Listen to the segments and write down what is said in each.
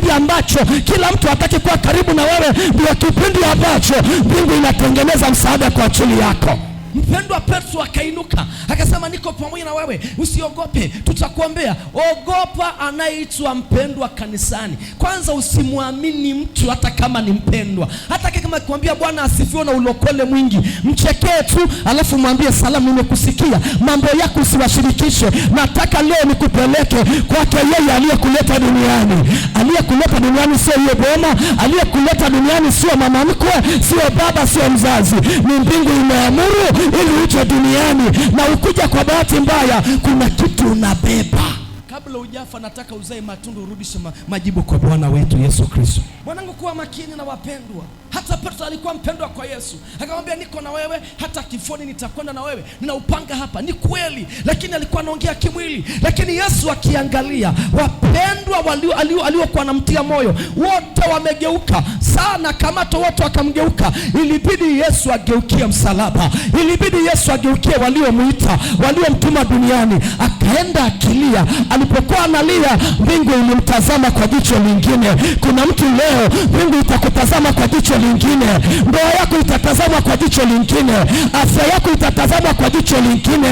kipindi ambacho kila mtu hataki kuwa karibu na wewe, ndio kipindi ambacho mbingu inatengeneza msaada kwa ajili yako. Mpendwa Petro akainuka akasema, niko pamoja na wewe, usiogope, tutakuombea. Ogopa anayeitwa mpendwa kanisani. Kwanza usimwamini mtu hata kama ni mpendwa, hata kama kuambia Bwana asifiwe na ulokole mwingi, mchekee tu, alafu mwambie salamu, nimekusikia mambo yako, usiwashirikishe. Nataka leo nikupeleke kwake yeye aliyekuleta duniani. Aliyekuleta duniani sio yeye boma, aliyekuleta duniani sio mama mkwe, sio baba, sio mzazi. Ni mbingu imeamuru ili uje duniani, na ukuja kwa bahati mbaya, kuna kitu unabeba Kabla ujafa nataka uzae matunda, urudishe majibu kwa Bwana wetu Yesu Kristo. Mwanangu, kuwa makini na wapendwa. Hata Petro alikuwa mpendwa kwa Yesu, akamwambia niko na wewe hata kifoni, nitakwenda na wewe, nina upanga hapa. Ni kweli, lakini alikuwa anaongea kimwili. Lakini Yesu akiangalia wapendwa aliokuwa anamtia moyo wote wamegeuka sana, kamato wote wakamgeuka. Ilibidi Yesu ageukie msalaba, ilibidi Yesu ageukie waliomwita, waliomtuma duniani. Akaenda akilia. Alipokuwa analia, mbingu ilimtazama kwa jicho lingine. Kuna mtu leo mbingu itakutazama kwa jicho lingine, ndoa yako itatazamwa kwa jicho lingine, afya yako itatazamwa kwa jicho lingine.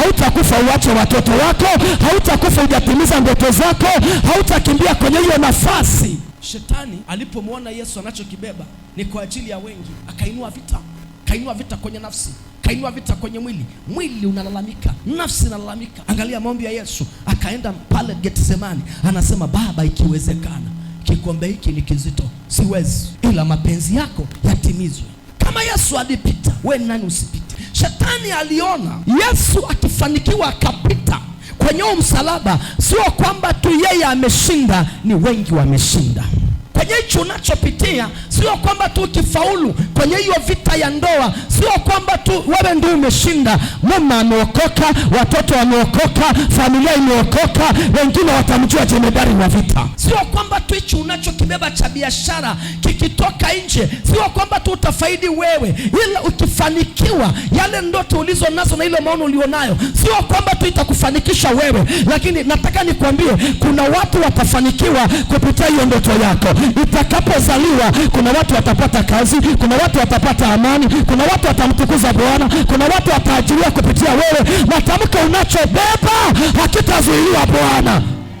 Hautakufa uache watoto wako, hautakufa hujatimiza ndoto zako, hautakimbia kwenye hiyo nafasi. Shetani alipomwona Yesu anachokibeba ni kwa ajili ya wengi, akainua vita, kainua vita kwenye nafsi kainua vita kwenye mwili. Mwili unalalamika, nafsi inalalamika. Angalia maombi ya Yesu, akaenda pale Getsemani, anasema Baba, ikiwezekana kikombe hiki ni kizito, siwezi, ila mapenzi yako yatimizwe. Kama Yesu alipita, we nani usipite? Shetani aliona Yesu akifanikiwa akapita kwenye msalaba, sio kwamba tu yeye ameshinda, ni wengi wameshinda kwenye hichi unachopitia, sio kwamba tu ukifaulu kwenye hiyo vita ya ndoa, sio kwamba tu wewe ndio umeshinda. Mama ameokoka, watoto wameokoka, familia imeokoka, wengine watamjua jemedari wa vita. Sio kwamba tu hichi unachokibeba cha biashara kikitoka nje, sio kwamba tu utafaidi wewe, ila ukifanikiwa yale ndoto ulizo nazo na ile maono ulionayo, sio kwamba tu itakufanikisha wewe, lakini nataka nikwambie kuna watu watafanikiwa kupitia hiyo ndoto yako itakapozaliwa, kuna watu watapata kazi, kuna watu watapata amani, kuna watu watamtukuza Bwana, kuna watu wataajiriwa kupitia wewe. Matamko unachobeba hakitazuiliwa Bwana.